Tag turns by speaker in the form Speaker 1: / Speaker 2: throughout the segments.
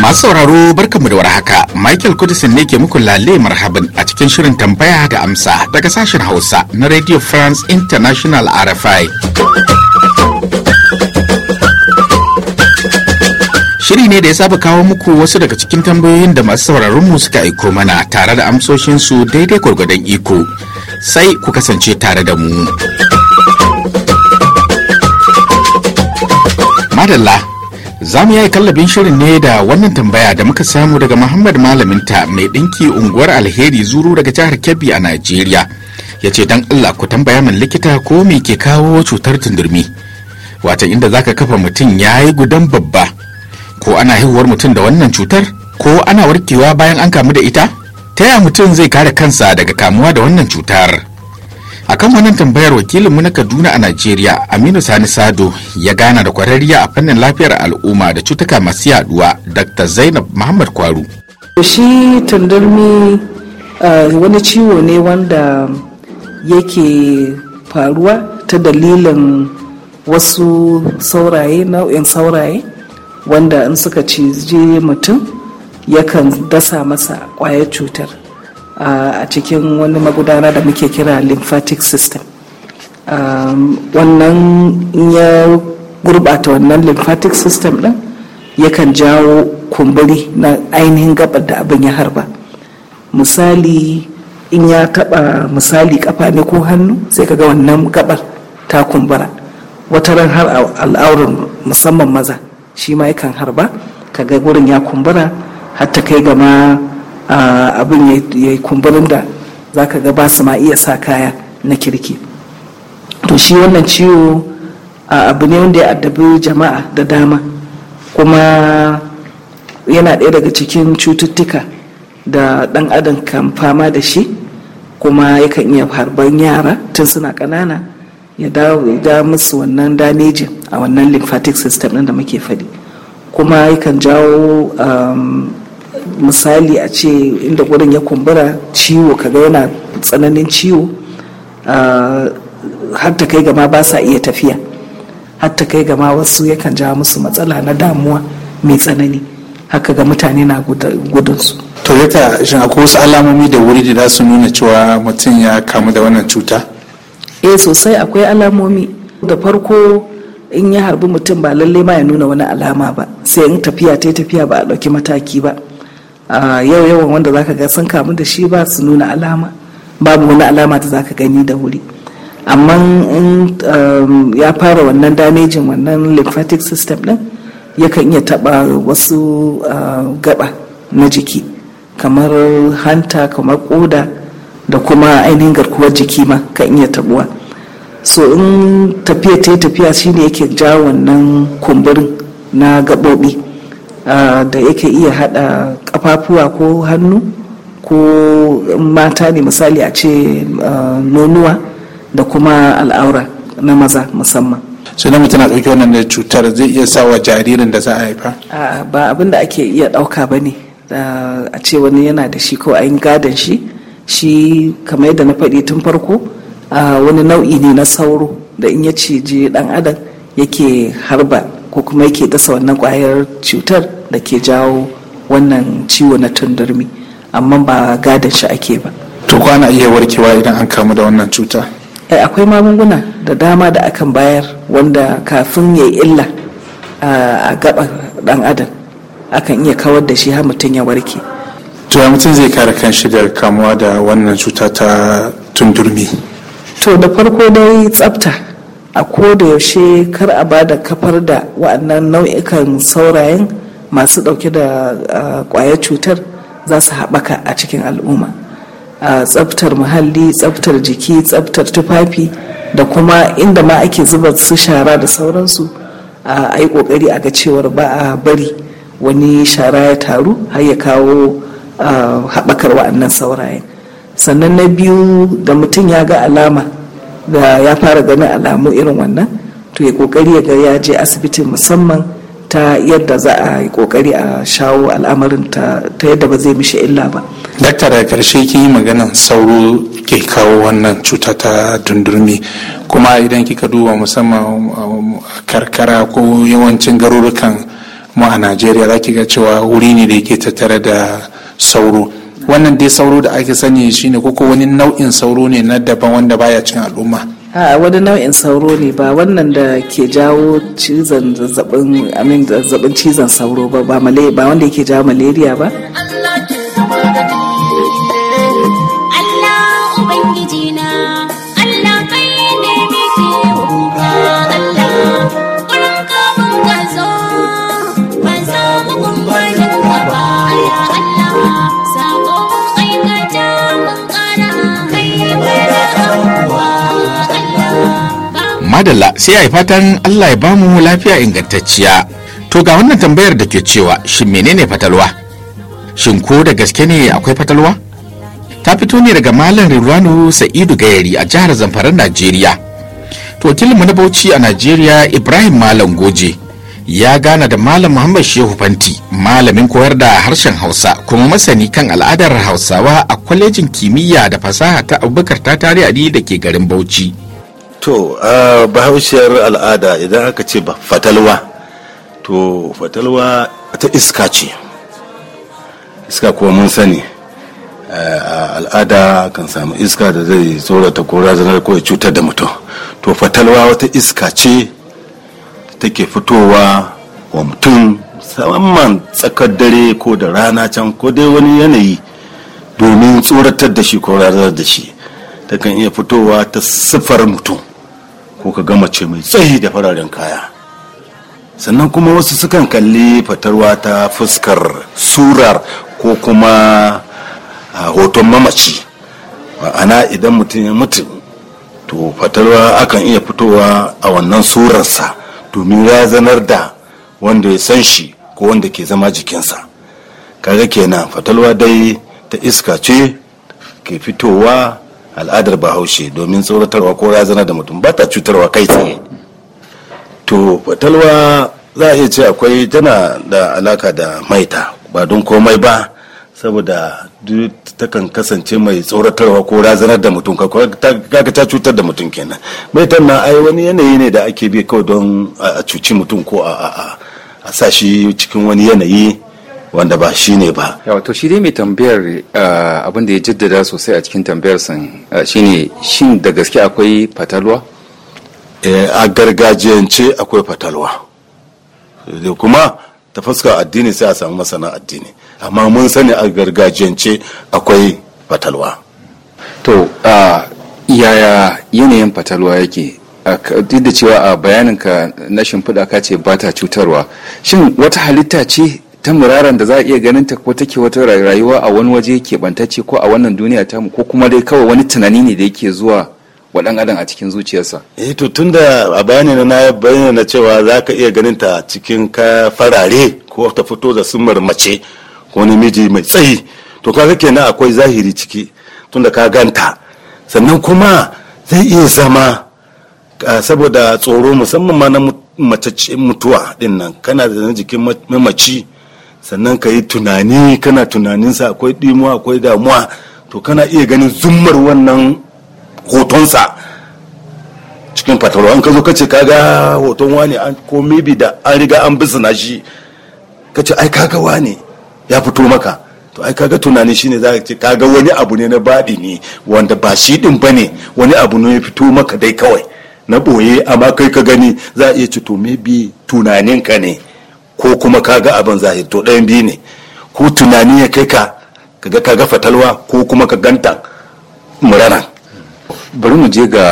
Speaker 1: masu sauraro barkanmu da warhaka michael kudisin ne ke muku lale marhaban a cikin shirin tambaya da amsa daga sashen hausa na radio france international rfi ne da ya saba kawo muku wasu daga cikin tambayoyin da masu sauraron mu suka aiko mana tare da amsoshinsu daidai gwargwadon iko. Sai ku kasance tare da mu. Madalla, za mu yi kallabin shirin ne da wannan tambaya da muka samu daga Muhammad Malaminta mai ɗinki unguwar Alheri Zuru daga jihar Kebbi a Najeriya. Ya ce don Allah ku tambaya min likita ko me ke kawo cutar tundurmi. Wata inda zaka kafa mutum ya yi gudan babba ko ana haihuwar mutum da wannan cutar ko ana warkewa bayan an kamu da ita ta yaya mutum zai kare kansa daga kamuwa da wannan cutar akan wannan tambayar wakilin mu na kaduna a najeriya aminu sani sado ya gana da kwararriya a fannin lafiyar al'umma da cutuka masu yaduwa dr zainab muhammad kwaru
Speaker 2: shi tundurmi eh, wani ciwo ne wanda yake faruwa ta dalilin wasu sauraye nau'in sauraye wanda in suka cije mutum yakan dasa masa kwayar cutar a cikin wani magudana da muke kira lymphatic system um, wannan ya gurbata wannan lymphatic system din yakan jawo kumburi na ainihin gabar da abin ya harba misali in ya taba misali kafa ne ko hannu sai ka ga wannan gabar ta kumbura wata wataran har al'aurin musamman maza shi ma yakan harba kaga wurin ya kumbura hatta kai gama abin ya kumburin da za ka ga ba su ma iya sa kaya na kirki to shi wannan ciwo abu ne wanda ya addabi jama'a da dama kuma yana ɗaya daga cikin cututtuka da ɗan adam kan fama da shi kuma yakan iya harban yara tun suna ƙanana ya dawo ya da musu wannan damage a wannan lymphatic system ɗin da muke faɗi kuma yakan jawo um, misali a ce inda gurin ya kumbura ciwo kaga yana tsananin ciwo uh, har ta kai gama ba sa iya tafiya har ta kai gama wasu yakan jawo musu matsala na damuwa mai tsanani haka ga mutane na gudunsu
Speaker 1: to yata shi akwai wasu alamomi da wuri da za su nuna cewa mutum ya kamu da wannan cuta
Speaker 2: eh sosai akwai alamomi da farko in ya harbi mutum ba lallai ma ya nuna wani alama ba sai in tafiya ta tafiya ba a ɗauki mataki ba yau yawan wanda zaka ga sun kamu da shi ba su nuna alama babu wani alama da zaka gani da wuri amma in um, ya fara wannan damejin wannan lymphatic system din yakan iya taba wasu uh, gaba na jiki kamar hanta kamar koda da kuma ainihin garkuwar jiki ma kan iya tabuwa so in tafiya ta tafiya shine yake jawo wannan kumburin na gaɓoɓi ah, da yake iya haɗa ƙafafuwa ko hannu ko mata ne misali a ce ah, nonuwa da kuma al'aura na maza musamman sai namiji
Speaker 1: tana ɗauke wannan da cutar zai iya sa jaririn da za a haifa
Speaker 2: ah, ba abin da ake iya ɗauka ba ne a ce wani yana da shi ko an gadon shi shi kamar yadda na faɗi tun farko wani nau'i ne na sauro da in ya ciji ɗan adam yake harba ko kuma yake dasa wannan ƙwayar cutar da ke jawo wannan ciwo na tundurmi amma ba gadon shi ake ba
Speaker 3: to kwana iya warkewa
Speaker 2: idan an kamu da wannan cuta eh, akwai magunguna da dama da akan bayar wanda kafin ya illa a gaba ɗan adam akan iya kawar da shi har mutum ya warke
Speaker 1: to ya mutum zai kare shi da kamuwa da wannan cuta ta tundurmi
Speaker 2: to da farko dai tsafta a koda yaushe kar a bada kafar da wa'annan nau'ikan saurayen masu dauke da kwayar ah, cutar za su haɓaka a cikin al'umma ah, tsaftar muhalli tsaftar jiki tsaftar tufafi da kuma inda ma ake zuba su shara da sauransu a yi kokari a ga cewar ba a bari wani shara ya taru har ya kawo a haɓakar wa'annan saurayen sannan na biyu da mutum ya ga alama da ya fara ganin alamu irin wannan to ya kokari ya ga ya je asibiti musamman ta yadda za a yi kokari a shawo al'amarin ta yadda ba zai mishi illa ba
Speaker 1: dakta da karshe kin yi maganan sauro ke kawo wannan cuta ta dundurmi kuma idan kika duba musamman um, karkara ko yawancin garurukan mu a najeriya za ki ga cewa wuri ne da yake tattare da sauro wannan dai sauro da ake sani shine koko wani nau'in sauro ne na daban wanda baya cikin al'umma
Speaker 2: a wani nau'in sauro ne ba wannan da ke jawo cizon zazzabin amin zazzabin cizon sauro ba ba wanda yake jawo malaria ba
Speaker 1: madalla sai a yi fatan Allah ya bamu lafiya ingantacciya. To ga wannan tambayar da ke cewa shin menene fatalwa? Shin ko da gaske ne akwai fatalwa? Ta fito ne daga Malam Rilwanu Sa'idu Gayari a jihar Zamfara Najeriya. To mu na Bauchi a Najeriya Ibrahim Malam Goje ya gana da Malam Muhammad Shehu Fanti, malamin koyar da harshen Hausa kuma masani kan al'adar Hausawa a kwalejin kimiyya da fasaha ta Abubakar ta tarihi da ke garin Bauchi.
Speaker 4: to a bahaushiyar al'ada idan aka ce ba fatalwa to fatalwa ta iska ce iska kuma mun sani al'ada kan samu iska da zai tsorata ko zanar ko ya cutar da mutum to fatalwa wata iska ce take fitowa wa mutum musamman tsakar dare ko da rana can ko dai wani yanayi domin tsoratar da shi ko razanar da shi ta kan iya fitowa ta siffar mutum suka gama ce mai tsayi da fararen kaya sannan kuma wasu sukan kalli fatarwa ta fuskar surar ko kuma ah, hoton mamaci ana idan mutum ya mutu to fatarwa akan iya fitowa a wannan surarsa domin ya zanar da wanda ya san shi ko wanda ke zama jikinsa kaga kenan fatalwa dai ta iska ce ke fitowa al'adar bahaushe domin tsoratarwa ko razana da mutum ba ta cutarwa kai tsaye to fatalwa za a iya ce akwai tana da alaka da maita ba don komai ba saboda takan kasance mai tsoratarwa ko razanar da mutum kaga ta cutar da mutum kenan maitan na ai wani yanayi ne da ake bi kawai don
Speaker 3: a cuci mutum ko a sa shi cikin wani yanayi wanda ba shi ne ba. Wato shi dai mai tambayar eh, abin da ya jaddada sosai a cikin tambayar san eh, shine shin da gaske akwai fatalwa? Eh, a gargajiyance akwai
Speaker 4: fatalwa. kuma ta fuskar addini sai a samu masana addini.
Speaker 3: Amma mun sani a gargajiyance akwai fatalwa. To yaya yanayin fatalwa yake duk da cewa a bayaninka na shimfiɗa ka ce ba ta cutarwa shin wata halitta ce ta muraran da za a iya ganin ta ko take wata rayuwa a wani waje keɓantacce ko a wannan duniya ta ko kuma dai kawai wani tunani ne da yake zuwa wa ɗan adam a cikin zuciyarsa. e to tun da a bayani na bayyana
Speaker 4: cewa za ka iya ganin ta cikin ka farare ko ta fito da sumar mace ko namiji mai tsayi to kake na akwai zahiri ciki tun da ka ganta sannan kuma zai iya zama saboda tsoro musamman ma na mutuwa dinnan kana da jikin mamaci sannan ka yi tunani kana tunaninsa akwai ɗimuwa akwai damuwa to kana iya ganin zummar wannan hotonsa cikin fatarwa an ka zo kace ga hoton wani ko maybe da an riga an na shi ka ce ai kaga wani ya fito maka to ai kaga tunani shine za ka ce kaga wani abu ne na baɗi ne wanda ba shi din bane wani abu ne ya fito maka dai kawai na ɓoye amma kai ka gani za a iya ci to maybe tunaninka ne ko kuma kaga abin zahir to ɗayan biyu ne ko
Speaker 3: tunani ya kai ka kaga ka ga fatalwa ko kuma ka ganta murana bari mu je ga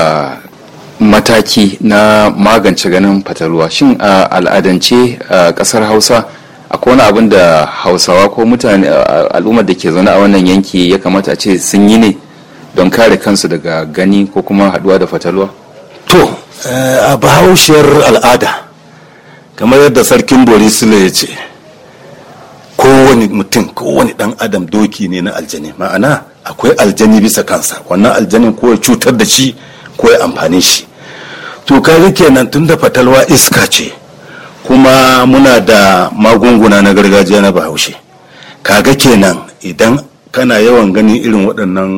Speaker 3: mataki na magance ganin fatalwa shin a al'adance a ƙasar hausa akwai wani abin da hausawa ko mutane al'ummar da ke zaune a wannan yanki ya kamata a ce sun yi ne don kare kansu daga gani ko kuma haduwa da fatalwa
Speaker 4: to eh,
Speaker 3: a bahaushiyar al'ada
Speaker 4: kamar yadda sarkin bori sule ya ce kowane mutum kowane dan adam doki ne na aljani ma'ana akwai aljani bisa kansa wannan aljanin ko cutar da shi ko ya amfani shi to kaga kenan tun da fatalwa iska ce kuma muna da magunguna na gargajiya na bahaushe kaga kenan idan kana yawan ganin irin waɗannan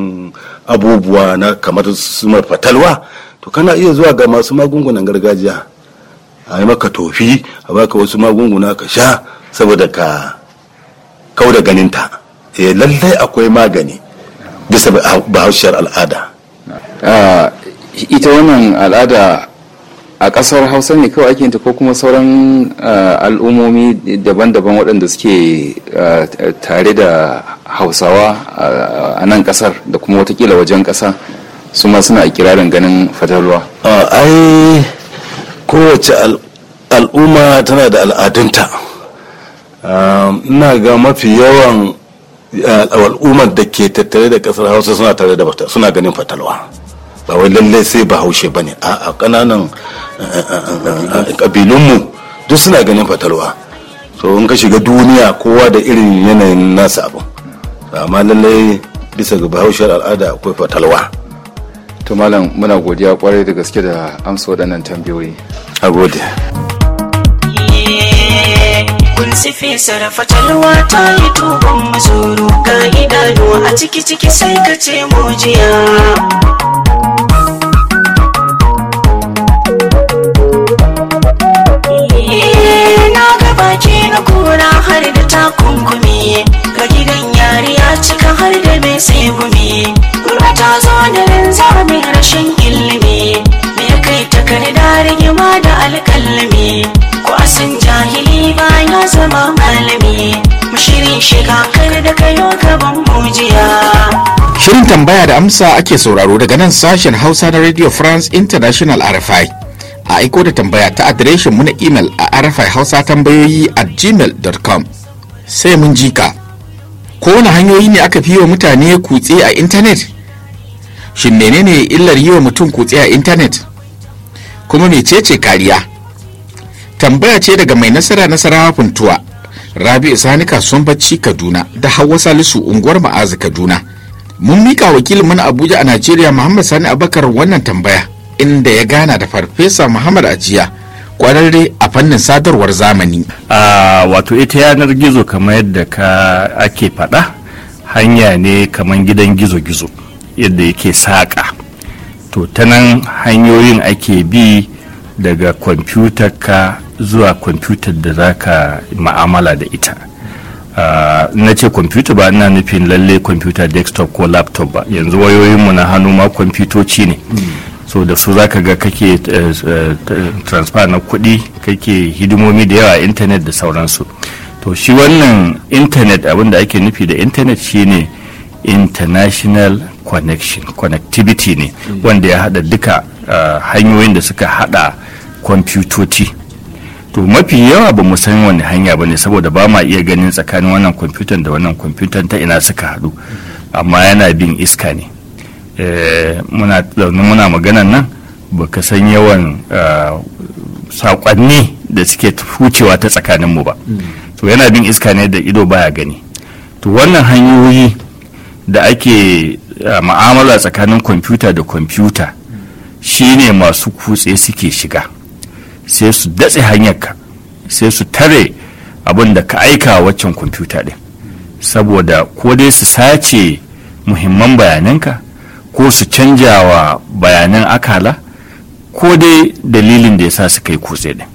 Speaker 4: abubuwa na kamar su fatalwa to kana iya zuwa ga masu magungunan gargajiya a yi maka tofi a baka wasu magunguna ka sha saboda ka kau da
Speaker 3: ganinta eh lallai akwai magani bisa bahaushiyar al'ada ah, ita wannan al'ada a ƙasar hausa ne kawai ake ko kuma sauran ah, al'ummomi daban-daban waɗanda suke ah, tare da hausawa a nan ƙasar da kuma watakila wajen ƙasa su ma suna ikirarin ganin fatalwa ai kowace
Speaker 4: al'umma tana da al'adunta ina ga mafi yawan al'ummar da ke tattare da kasar hausa suna tare da suna ganin fatalwa ba wai lallai sai ba haushe ba ne a kananan kabilunmu duk suna ganin fatalwa so in ka shiga duniya kowa da irin yanayin
Speaker 3: nasa abu amma lallai bisa ga bahaushiyar al'ada akwai fatalwa to malam muna godiya kwarai da gaske da amsa waɗannan tambayoyi a gode
Speaker 2: kun sarrafa talwa ta yi tuban mazuru ga idanu a ciki ciki sai ka ce mujiya har da takunkumi ga gidan yari ya cika har da mai tsegumi ta zo da rashin ilimi me ya kai ta karda rigima da alƙalami ko asin jahili ba ya zama malami mu shirin shiga kar da kayo gaban mujiya
Speaker 1: Shirin tambaya da amsa ake sauraro daga nan sashen Hausa na Radio France International RFI. A aiko da tambaya ta adireshin mu na imel a RFI Hausa tambayoyi a gmail.com. Sai mun jika. Kowane hanyoyi ne aka fi wa mutane kutse a intanet? shin menene illar yi wa mutum kutse a intanet kuma mecece kariya tambaya ce daga mai nasara nasarawa funtuwa rabi'u sani kasuwan bacci kaduna da hawa salisu unguwar ma'azi kaduna mun mika wakilin mana abuja a nigeria muhammad sani abakar wannan tambaya inda ya gana da farfesa muhammad ajiya kwararre a fannin sadarwar zamani a wato ita yanar gizo kamar yadda ka
Speaker 5: ake faɗa hanya ne kamar gidan gizo-gizo yadda yake saƙa to ta nan hanyoyin ake bi daga kwamfutar ka zuwa kwamfutar da za ka ma'amala da ita ah, na ce kwamfuta ba ina nufin lalle kwamfuta desktop ko laptop ba yanzu wayoyinmu na hannu ma kwamfutoci ne so da su za ka ga kake eh, eh, transfer na kuɗi kake hidimomi da yawa intanet da sauransu to shi wannan intanet abin da ake nufi da intanet shine ne international connection connectivity ne wanda ya hada duka uh, hanyoyin da suka hada kwamfutoci to mafi yawa ba mu san wani hanya ba ne saboda ba ma iya ganin tsakanin wannan kwamfutan da wannan kwamfutan ta ina suka hadu amma yana bin iska ne e, muna muna maganan nan baka san yawan uh, da suke hucewa ta tsakanin mu ba mm. to yana bin iska ne da ido baya gani to wannan hanyoyi da ake eh, ma'amala tsakanin kwamfuta da kwamfuta shine masu kutse suke shiga sai su datse hanyarka sai su tare abin da ka aika waccan kwamfuta ɗin saboda ko dai su sace muhimman bayananka ko su canja wa bayanan akala ko dai dalilin da ya sa suka yi kutse ɗin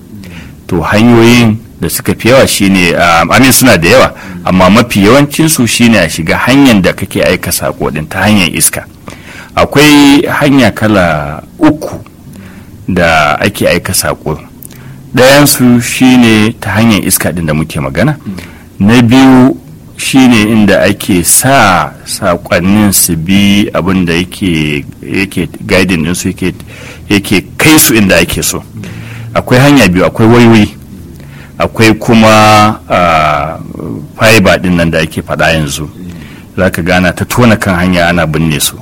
Speaker 5: to hanyoyin da suka fi yawa shine um, amin suna da yawa amma mafi yawancinsu shine a shiga hanyar da kake aika sako din ta hanyar iska akwai hanya kala uku da ake aika sako ɗayansu shine ta hanyar iska din da muke magana na biyu shine inda ake sa sakonnin su bi abin yake guiding ɗinsu yake kai su inda ake so akwai hanya biyu akwai waiwai. akwai kuma fiber din nan da ake faɗa yanzu za ka gana ta tona kan hanya ana binne su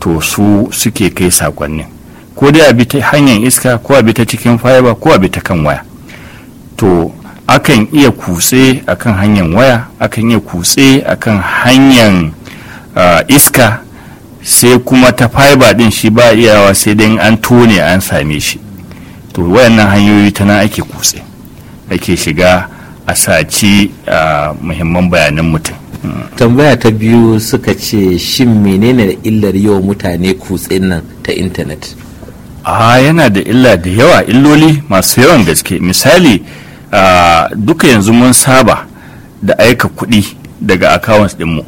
Speaker 5: to su suke kai sakonnin ko dai a bi ta hanyar iska ko a bi ta cikin fiber ko a bi ta kan waya to akan iya kutse akan hanyar waya akan iya kutse akan hanyar iska sai kuma ta fiber din shi ba iyawa sai dai an tone an same shi to wayannan hanyoyi ta nan ake kutse ake shiga a saci a muhimman bayanan mutum tambaya ta biyu suka ce shin menene illar yawan mutane kutsen nan ta intanet a yana da illa da yawa illoli masu yawan gaske misali duka yanzu mun saba da aika kuɗi daga accounts ɗinmu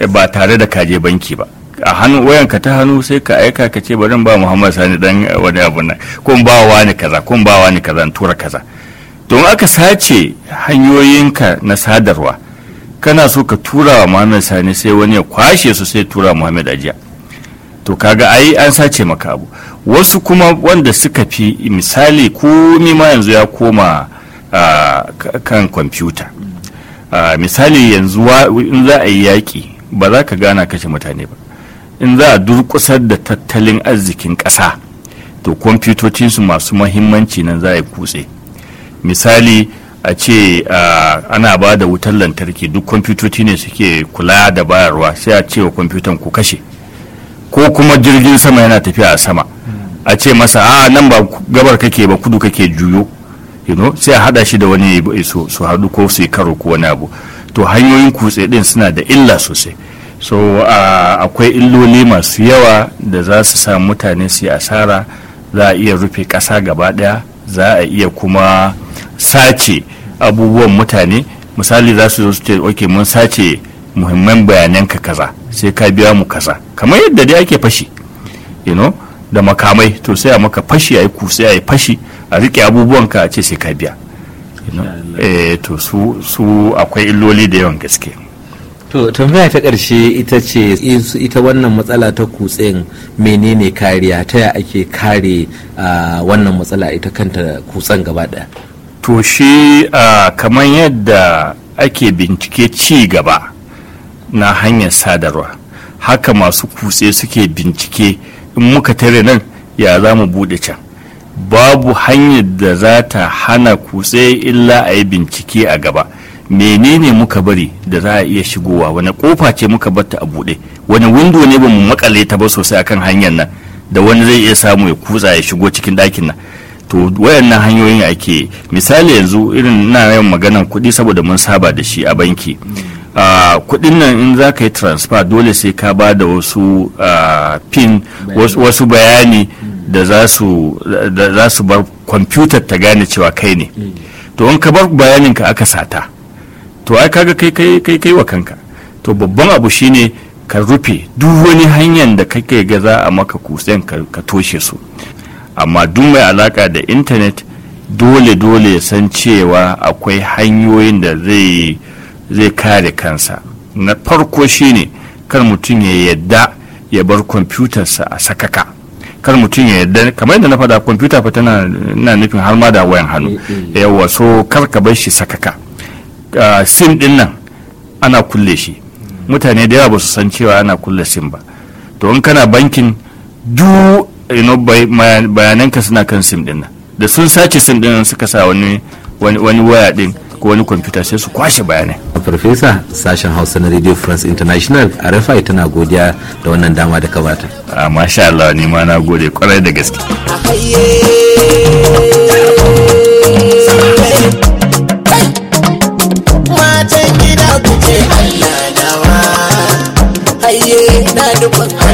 Speaker 5: eh, ba tare da kaje banki ba a hannu wayanka ta hannu sai ka aika ka ce barin ba muhammad sani dan wani abu nan ko ba wani kaza ko ba wani kaza tura kaza don aka sace hanyoyinka na sadarwa kana so ka tura wa muhammad sani sai wani ya kwashe su sai tura muhammad ajiya to kaga ai an sace maka abu wasu kuma wanda suka fi misali komi ma yanzu ya koma kan kwamfuta misali yanzu in za a yi yaƙi ba za ka gana kashe mutane ba in za a durƙusar da tattalin arzikin ƙasa to kwamfutocinsu masu mahimmanci nan za a yi kutse misali a ce ana ba da wutar lantarki duk kwamfutoci ne suke kula da bayarwa sai a ce kwamfutan ku kashe ko kuma jirgin sama yana tafiya a sama a ce masa a nan ba gabar kake ba kudu kake juyo sai a hada shi da wani su haɗu ko su yi karo ko wani abu to hanyoyin kutse din suna da illa sosai so akwai illoli masu yawa da za su sa mutane su yi asara za a iya rufe ƙasa gaba ɗaya za a iya kuma sace abubuwan mutane misali za su zo su ce oke mun sace muhimman bayanan ka kaza sai ka biya mu kaza kamar yadda dai ake fashi you know da makamai to sai a maka fashi a yi kusa a yi fashi a rike abubuwan ka ce sai ka biya eh to su su akwai illoli da yawan gaske
Speaker 1: to tambaya ta karshe ita ce ita wannan matsala ta kutsen menene kariya ta ya ake kare ah, wannan matsala ita kanta kutsen gaba ɗaya
Speaker 5: to shi kamar yadda ake bincike ci gaba na hanyar sadarwa haka masu kutse suke bincike in muka tare nan ya za mu buɗe can babu hanyar da za ta hana kutse illa a yi bincike a gaba menene muka bari da za a iya shigowa wani kofa ce muka batta a buɗe wani windo ne ba mu makale ta ba sosai akan hanyar nan da wani zai iya samu ya kutsa ya shigo cikin ɗakin nan to wayannan hanyoyin ake misali yanzu irin na yawan maganan kuɗi saboda mun saba da shi a banki kuɗin nan in za ka yi transfer dole sai ka ba da wasu pin wasu bayani hmm. da za su bar kwamfutar ta gane cewa kai ne hmm. to in ka bar bayanin ka aka sata to ai kaga kai kai kai kai wa kanka to babban abu shine ka rufe duk wani hanyar da kake ga za a maka kusen ka toshe su amma duk mai alaka da intanet dole-dole ya san cewa akwai hanyoyin da zai kare kansa na farko shine kar mutum ya yadda ya bar kwamfutarsa a sakaka kar mutum ya yadda kamar yadda na fada kwamfuta fa tana na nufin har ma da wayan hannu mm, mm. yawa so kar ka bar shi sakaka sim din nan ana kulle shi mm. mutane da yawa ba su san cewa ana kulle sim ba to in kana bankin duk bayananka suna kan sim din da sun sace sim din suka sa wani wani waya din ko wani kwamfuta sai su kwashe bayanai. Farfesa sashen Hausa na Radio France International a RFI tana godiya da wannan dama da ka bata. A ah, masha Allah ni ma na gode kwarai da gaske.
Speaker 2: Matan na dukkan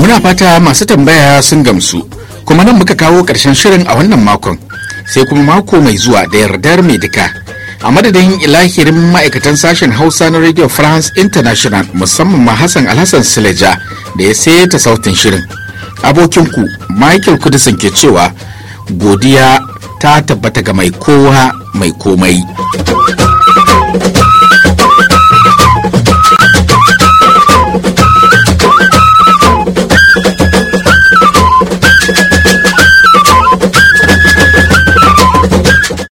Speaker 1: muna fata masu tambaya sun gamsu kuma nan muka kawo ƙarshen shirin a wannan makon sai kuma mako mai zuwa da yardar mai duka a madadin ilahirin ma'aikatan sashen hausa na radio france international musamman ma hassan alhassan sileja da ya ta sautin shirin abokinku michael kudisin ke cewa godiya ta tabbata ga mai kowa mai komai.